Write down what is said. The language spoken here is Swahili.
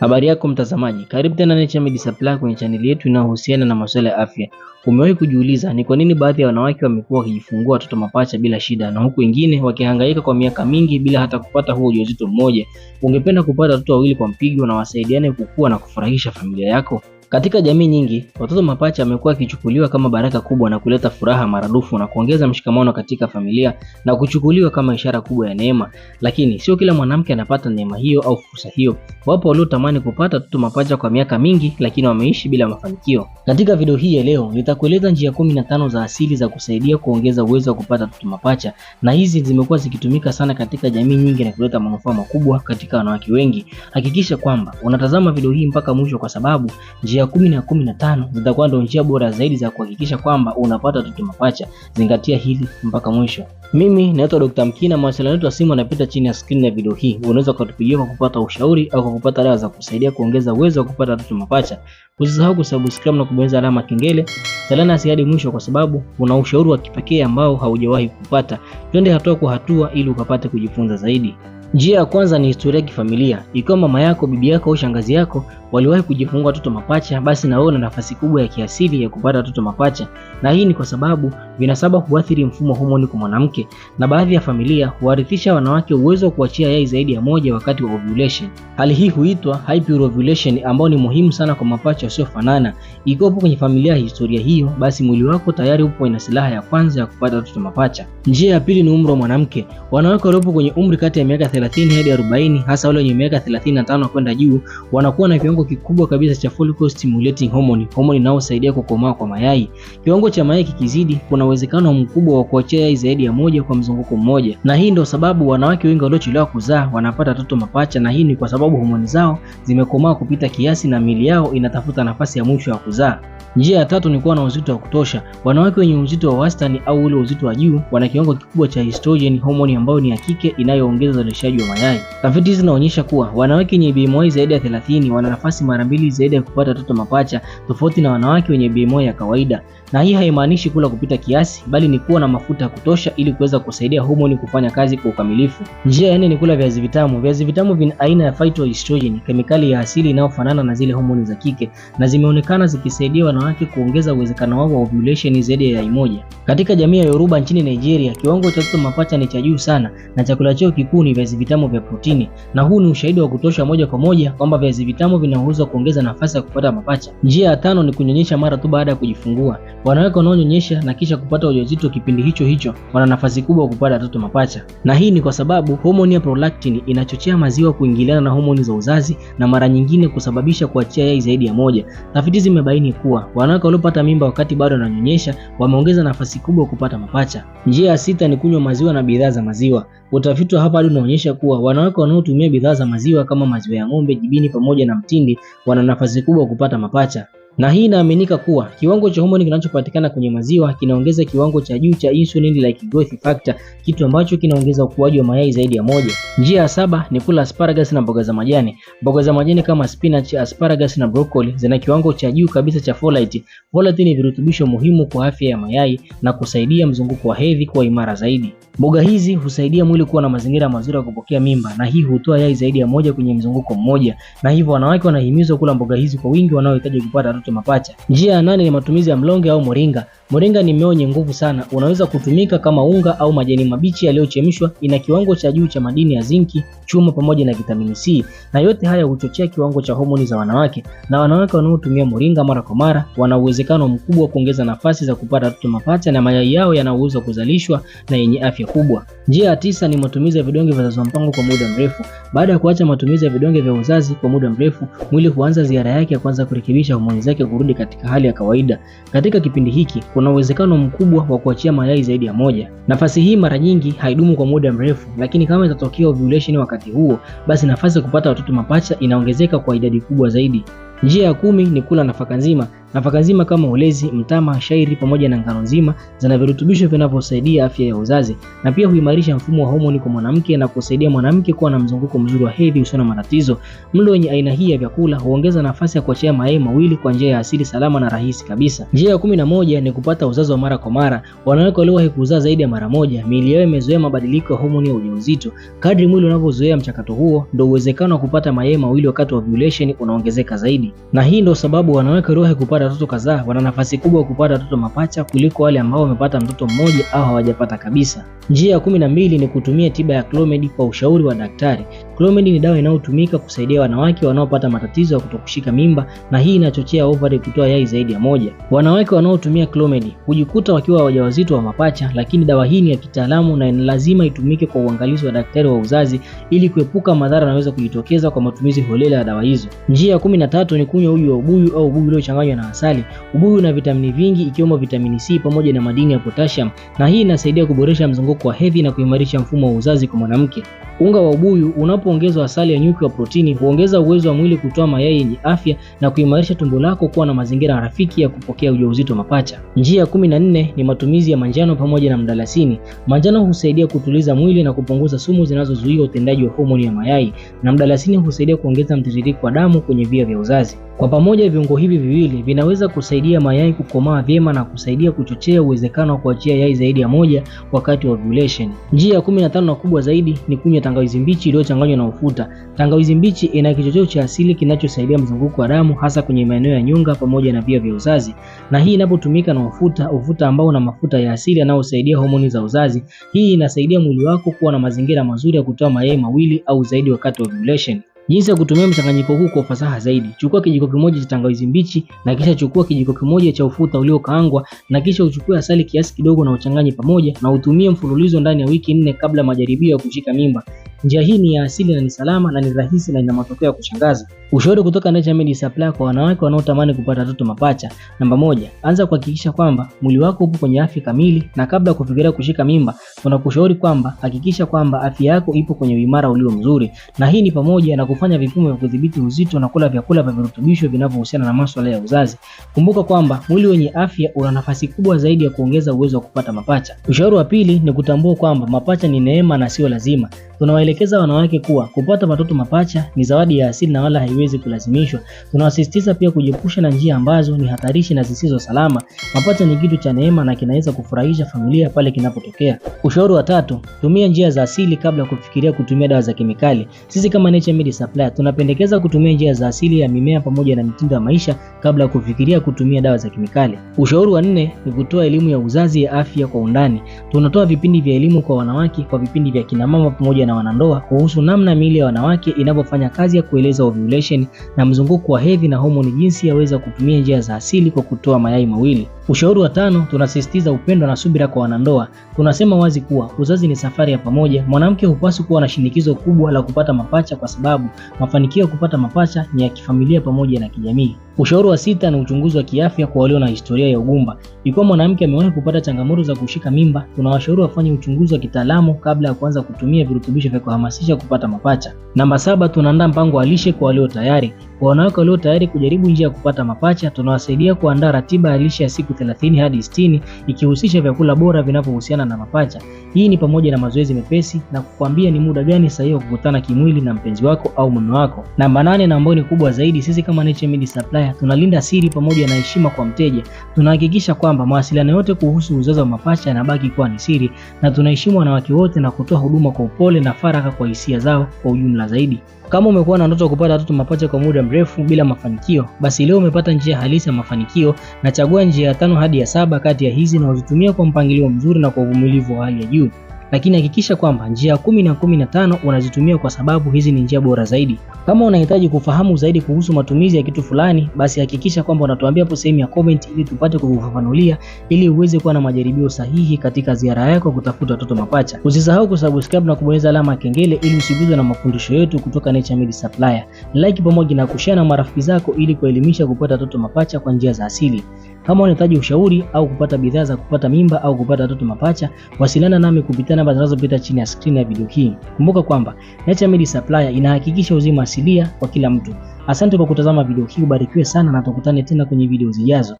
Habari yako mtazamaji, karibu tena Naturemed Supplies kwenye chaneli yetu inayohusiana na masuala ya afya. Umewahi kujiuliza ni kwa nini baadhi ya wanawake wamekuwa wakijifungua watoto mapacha bila shida na huku wengine wakihangaika kwa miaka mingi bila hata kupata huo ujauzito mmoja? Ungependa kupata watoto wawili kwa mpigo na wasaidiane kukua na kufurahisha familia yako? Katika jamii nyingi, watoto mapacha wamekuwa wakichukuliwa kama baraka kubwa na kuleta furaha maradufu na kuongeza mshikamano katika familia na kuchukuliwa kama ishara kubwa ya neema. Lakini sio kila mwanamke anapata neema hiyo au fursa hiyo. Wapo waliotamani kupata watoto mapacha kwa miaka mingi, lakini wameishi bila mafanikio. Katika video hii ya leo, nitakueleza njia 15 za asili za kusaidia kuongeza uwezo wa kupata watoto mapacha, na hizi zimekuwa zikitumika sana katika jamii nyingi na kuleta manufaa makubwa katika wanawake wengi. Hakikisha kwamba unatazama video hii mpaka mwisho kwa sababu njia njia kumi na kumi na tano zitakuwa ndio njia bora zaidi za kuhakikisha kwamba unapata watoto mapacha. Zingatia hili mpaka mwisho. Mimi naitwa Dr. Mkina, mawasiliano yetu ya simu anapita chini ya screen ya video hii. Unaweza kutupigia kwa kupata ushauri au kwa kupata dawa za kusaidia kuongeza uwezo wa kupata watoto mapacha. Usisahau kusubscribe na kubonyeza alama kengele. Salia nasi hadi mwisho, kwa sababu una ushauri wa kipekee ambao haujawahi kupata. Twende hatua kwa hatua ili ukapate kujifunza zaidi. Njia ya kwanza ni historia ya kifamilia. Ikiwa mama yako, bibi yako au shangazi yako waliwahi kujifungua watoto mapacha, basi na wewe una nafasi kubwa ya kiasili ya kupata watoto mapacha, na hii ni kwa sababu vinasaba huathiri mfumo wa homoni kwa mwanamke, na baadhi ya familia huwarithisha wanawake uwezo wa kuachia yai zaidi ya moja wakati wa ovulation. Hali hii huitwa hyperovulation, ambayo ni muhimu sana kwa mapacha wasiofanana. Ikiwa upo kwenye familia ya historia hiyo, basi mwili wako tayari upo ina silaha ya kwanza ya kupata watoto mapacha. Njia ya pili ni umri wa mwanamke. Wanawake waliopo kwenye umri kati ya miaka 30 hadi 40, hasa wale wenye miaka 35 kwenda juu, wanakuwa na kiwango kikubwa kabisa cha follicle stimulating hormone, hormone inayosaidia kukomaa kwa mayai. Kiwango cha mayai kikizidi, kuna uwezekano mkubwa wa kuachia yai zaidi ya moja kwa mzunguko mmoja, na hii ndio sababu wanawake wengi waliochelewa kuzaa wanapata watoto mapacha, na hii ni kwa sababu homoni zao zimekomaa kupita kiasi na mili yao inatafuta nafasi ya mwisho ya kuzaa. Njia ya tatu ni kuwa na uzito wa kutosha. Wanawake wenye uzito wa wastani au ule uzito wa juu wana kiwango kikubwa cha estrogen homoni ambayo ni ya kike inayoongeza uzalishaji wa mayai. Tafiti zinaonyesha kuwa wanawake wenye BMI zaidi ya 30 wana nafasi mara mbili zaidi ya kupata watoto mapacha tofauti na wanawake wenye BMI ya kawaida na hii haimaanishi kula kupita kiasi, bali ni kuwa na mafuta ya kutosha ili kuweza kusaidia homoni kufanya kazi kwa ukamilifu. Njia ya nne ni kula viazi vitamu. Viazi vitamu vina aina ya phytoestrogen, kemikali ya asili inayofanana na zile homoni za kike, na zimeonekana zikisaidia wanawake kuongeza uwezekano wao wa ovulation zaidi ya moja. Katika jamii ya Yoruba nchini Nigeria, kiwango cha watoto mapacha ni cha juu sana, na chakula chao kikuu ni viazi vitamu vya protini, na huu ni ushahidi wa kutosha moja kwa moja kwamba viazi vitamu vina kuongeza nafasi ya kupata mapacha. Njia ya tano ni kunyonyesha mara tu baada ya kujifungua wanawake wanaonyonyesha na kisha kupata ujauzito kipindi hicho hicho wana nafasi kubwa kupata watoto mapacha, na hii ni kwa sababu homoni ya prolactin inachochea maziwa kuingiliana na homoni za uzazi na mara nyingine kusababisha kuachia yai zaidi ya moja. Tafiti zimebaini kuwa wanawake waliopata mimba wakati bado wananyonyesha wameongeza nafasi kubwa kupata mapacha. Njia ya sita ni kunywa maziwa na bidhaa za maziwa. Utafiti wa hapa unaonyesha kuwa wanawake wanaotumia bidhaa za maziwa kama maziwa ya ng'ombe, jibini pamoja na mtindi wana nafasi kubwa kupata mapacha na hii inaaminika kuwa kiwango cha homoni kinachopatikana kwenye maziwa kinaongeza kiwango cha juu cha insulin like growth factor, kitu ambacho kinaongeza ukuaji wa mayai zaidi ya moja. Njia ya saba ni kula asparagus na mboga za majani. Mboga za majani kama spinach, asparagus na broccoli zina kiwango cha juu kabisa cha folate. Folate ni virutubisho muhimu kwa afya ya mayai na kusaidia mzunguko wa hedhi kuwa imara zaidi. Mboga hizi husaidia mwili kuwa na mazingira mazuri ya kupokea mimba, na hii hutoa yai zaidi ya moja kwenye mzunguko mmoja, na hivyo wanawake wanahimizwa kula mboga hizi kwa wingi wanaohitaji kupata watoto samaki mapacha. Njia ya nane ni matumizi ya mlonge au moringa. Moringa ni mmea wenye nguvu sana, unaweza kutumika kama unga au majani mabichi yaliyochemshwa. Ina kiwango cha juu cha madini ya zinki, chuma pamoja na vitamini C, na yote haya huchochea kiwango cha homoni za wanawake, na wanawake wanaotumia moringa mara kwa mara wana uwezekano mkubwa wa kuongeza nafasi za kupata watoto mapacha, na mayai yao yanaweza kuzalishwa na yenye afya kubwa. Njia ya tisa ni matumizi ya vidonge vya uzazi wa mpango kwa muda mrefu. Baada ya kuacha matumizi ya vidonge vya uzazi kwa muda mrefu, mwili huanza ziara yake ya kwanza kurekebisha homoni zake yake kurudi katika hali ya kawaida. Katika kipindi hiki kuna uwezekano mkubwa wa kuachia mayai zaidi ya moja. Nafasi hii mara nyingi haidumu kwa muda mrefu, lakini kama itatokea ovulation wakati huo, basi nafasi ya kupata watoto mapacha inaongezeka kwa idadi kubwa zaidi. Njia ya kumi ni kula nafaka nzima. Nafaka nzima kama ulezi, mtama, shairi pamoja na ngano nzima zina virutubisho vinavyosaidia afya ya uzazi na pia huimarisha mfumo wa homoni kwa mwanamke na kusaidia mwanamke kuwa na mzunguko mzuri wa hedhi usio na matatizo. Mlo wenye aina hii ya vyakula huongeza nafasi ya kuachia mayai mawili kwa njia ya asili, salama na rahisi kabisa. Njia ya kumi na moja ni kupata uzazi wa mara kwa mara. Wanawake waliowahi kuzaa zaidi ya mara moja, miili yao imezoea mabadiliko ya homoni ya ujauzito. Kadri mwili unavyozoea mchakato huo, ndio uwezekano wa kupata mayai mawili wakati wa ovulation unaongezeka zaidi, na hii ndio sababu wanawake waliowahi kupata kupata watoto kadhaa wana nafasi kubwa kupata watoto mapacha kuliko wale ambao wamepata mtoto mmoja au hawajapata kabisa. Njia ya kumi na mbili ni kutumia tiba ya Clomid kwa ushauri wa daktari. Clomid ni dawa inayotumika kusaidia wanawake wanaopata matatizo ya kutokushika mimba, na hii inachochea ovary kutoa yai zaidi ya moja. Wanawake wanaotumia Clomid hujikuta wakiwa wajawazito wa mapacha, lakini dawa hii ni ya kitaalamu na lazima itumike kwa uangalizi wa daktari wa uzazi ili kuepuka madhara yanayoweza kujitokeza kwa matumizi holela ya dawa hizo. Njia ya kumi na tatu ni kunywa uji wa ubuyu au ubuyu uliochanganywa na asali. Ubuyu una vitamini vingi ikiwemo vitamini C pamoja na madini ya potassium, na hii inasaidia kuboresha mzunguko wa hedhi na kuimarisha mfumo wa uzazi kwa mwanamke. Unga wa ubuyu unapoongezwa asali ya nyuki wa protini huongeza uwezo wa mwili kutoa mayai yenye afya na kuimarisha tumbo lako kuwa na mazingira rafiki ya kupokea ujauzito mapacha. Njia ya kumi na nne ni matumizi ya manjano pamoja na mdalasini. Manjano husaidia kutuliza mwili na kupunguza sumu zinazozuia utendaji wa homoni ya mayai na mdalasini husaidia kuongeza mtiririko wa damu kwenye via vya uzazi. Kwa pamoja, viungo hivi viwili vinaweza kusaidia mayai kukomaa vyema na kusaidia kuchochea uwezekano wa kuachia yai zaidi ya moja wakati wa ovulation. Njia ya kumi na tano na kubwa zaidi ni kunywa tangawizi mbichi iliyochanganywa na ufuta. Tangawizi mbichi ina kichocheo cha asili kinachosaidia mzunguko wa damu hasa kwenye maeneo ya nyonga pamoja na via vya uzazi, na hii inapotumika na ufuta, ufuta ambao una mafuta ya asili yanayosaidia homoni za uzazi, hii inasaidia mwili wako kuwa na mazingira mazuri ya kutoa mayai mawili au zaidi wakati wa ovulation. Jinsi ya kutumia mchanganyiko huu kwa ufasaha zaidi: chukua kijiko kimoja cha tangawizi mbichi na kisha chukua kijiko kimoja cha ufuta uliokaangwa na kisha uchukue asali kiasi kidogo na uchanganye pamoja na utumie mfululizo ndani ya wiki nne kabla majaribio ya kushika mimba. Njia hii ni ya asili na ni salama na ni rahisi na ina matokeo ya kushangaza. Ushauri kutoka Naturemed Supply kwa wanawake wanaotamani kupata watoto mapacha. Namba moja, anza kuhakikisha kwamba mwili wako upo kwenye afya kamili, na kabla ya kufikiria kushika mimba, tunakushauri kwamba hakikisha kwamba afya yako ipo kwenye uimara ulio mzuri, na hii ni pamoja na kufanya vipimo vya kudhibiti uzito na kula vyakula vya virutubisho vinavyohusiana na masuala ya uzazi. Kumbuka kwamba mwili wenye afya una nafasi kubwa zaidi ya kuongeza uwezo wa kupata mapacha. Ushauri wa pili ni kutambua kwamba mapacha ni neema na sio lazima. Tunawaelekeza wanawake kuwa kupata watoto mapacha ni zawadi ya asili na wala haiwezi kulazimishwa. Tunawasisitiza pia kujiepusha na njia ambazo ni hatarishi na zisizo salama. Mapacha ni kitu cha neema na kinaweza kufurahisha familia pale kinapotokea. Ushauri wa tatu, tumia njia za asili kabla ya kufikiria kutumia dawa za kemikali. Sisi kama Naturemed Supplies tunapendekeza kutumia njia za asili ya mimea pamoja na mitindo ya maisha kabla ya kufikiria kutumia dawa za kemikali. Ushauri wa nne ni kutoa elimu ya uzazi ya afya kwa undani. Tunatoa vipindi vya elimu kwa wanawake, kwa vipindi vya kinamama pamoja na na wanandoa kuhusu namna miili ya wanawake inavyofanya kazi ya kueleza ovulation na mzunguko wa hedhi na homoni, jinsi yaweza kutumia njia za asili kwa kutoa mayai mawili. Ushauri wa tano, tunasisitiza upendo na subira kwa wanandoa. Tunasema wazi kuwa uzazi ni safari ya pamoja. Mwanamke hupaswi kuwa na shinikizo kubwa la kupata mapacha, kwa sababu mafanikio ya kupata mapacha ni ya kifamilia pamoja na kijamii. Ushauri wa sita ni uchunguzi wa kiafya kwa walio na historia ya ugumba. Ikiwa mwanamke amewahi kupata changamoto za kushika mimba, tunawashauri wafanye uchunguzi wa kitaalamu kabla ya kuanza kutumia virutubisho vya kuhamasisha kupata mapacha. Namba saba, tunaandaa mpango wa lishe kwa walio tayari. Kwa wanawake walio tayari kujaribu njia ya kupata mapacha, tunawasaidia kuandaa ratiba ya lishe ya siku 30 hadi 60 ikihusisha vyakula bora vinavyohusiana na mapacha hii ni pamoja na mazoezi mepesi na kukwambia ni muda gani sahihi wa kukutana kimwili na mpenzi wako au mume wako. Namba nane, na ambayo ni kubwa zaidi, sisi kama Naturemed Supplier tunalinda siri pamoja na heshima kwa mteja. Tunahakikisha kwamba mawasiliano yote kuhusu uzazi wa mapacha yanabaki kuwa ni siri na tunaheshimu wanawake wote na kutoa huduma kwa upole na faraka kwa hisia zao kwa ujumla zaidi. Kama umekuwa na ndoto kupata watoto mapacha kwa muda mrefu bila mafanikio, basi leo umepata njia halisi ya mafanikio, na chagua njia ya tano hadi ya saba kati ya hizi na uzitumia kwa mpangilio mzuri na kwa uvumilivu wa hali ya juu lakini hakikisha kwamba njia kumi na kumi na tano unazitumia kwa sababu hizi ni njia bora zaidi. Kama unahitaji kufahamu zaidi kuhusu matumizi ya kitu fulani, basi hakikisha kwamba unatuambia hapo sehemu ya comment ili tupate kukufafanulia ili uweze kuwa na majaribio sahihi katika ziara yako kutafuta watoto mapacha. Usisahau kusubscribe na kubonyeza alama ya kengele ili usiguzwe na mafundisho yetu kutoka Naturemed Supplier. Like pamoja na kushare na marafiki zako ili kuelimisha kupata watoto mapacha kwa njia za asili. Kama unahitaji ushauri au kupata bidhaa za kupata mimba au kupata watoto mapacha, wasiliana nami kupitia namba zinazopita chini ya skrini ya video hii. Kumbuka kwamba Naturemed Supplier inahakikisha uzima asilia kwa kila mtu. Asante kwa kutazama video hii, ubarikiwe sana na tukutane tena kwenye video zijazo.